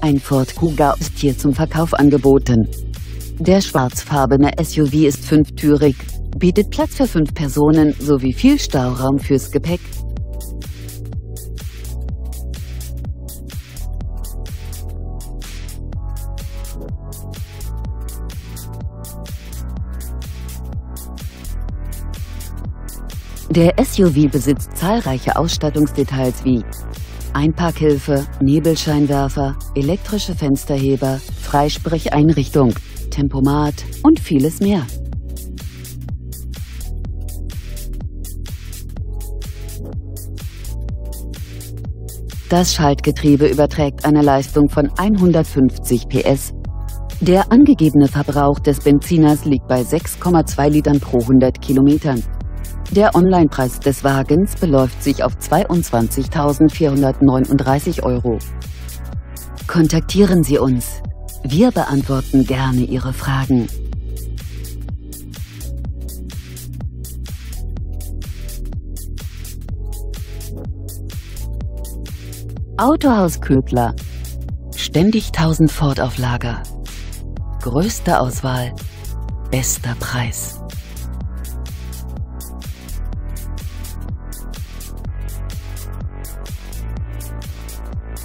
Ein Ford Kuga ist hier zum Verkauf angeboten. Der schwarzfarbene SUV ist fünftürig, bietet Platz für fünf Personen sowie viel Stauraum fürs Gepäck. Der SUV besitzt zahlreiche Ausstattungsdetails wie Einparkhilfe, Nebelscheinwerfer, elektrische Fensterheber, Freisprecheinrichtung, Tempomat und vieles mehr. Das Schaltgetriebe überträgt eine Leistung von 150 PS. Der angegebene Verbrauch des Benziners liegt bei 6,2 Litern pro 100 Kilometern. Der Onlinepreis des Wagens beläuft sich auf 22.439 Euro. Kontaktieren Sie uns. Wir beantworten gerne Ihre Fragen. Autohaus Ködler. Ständig 1000 Ford auf Lager. Größte Auswahl, bester Preis.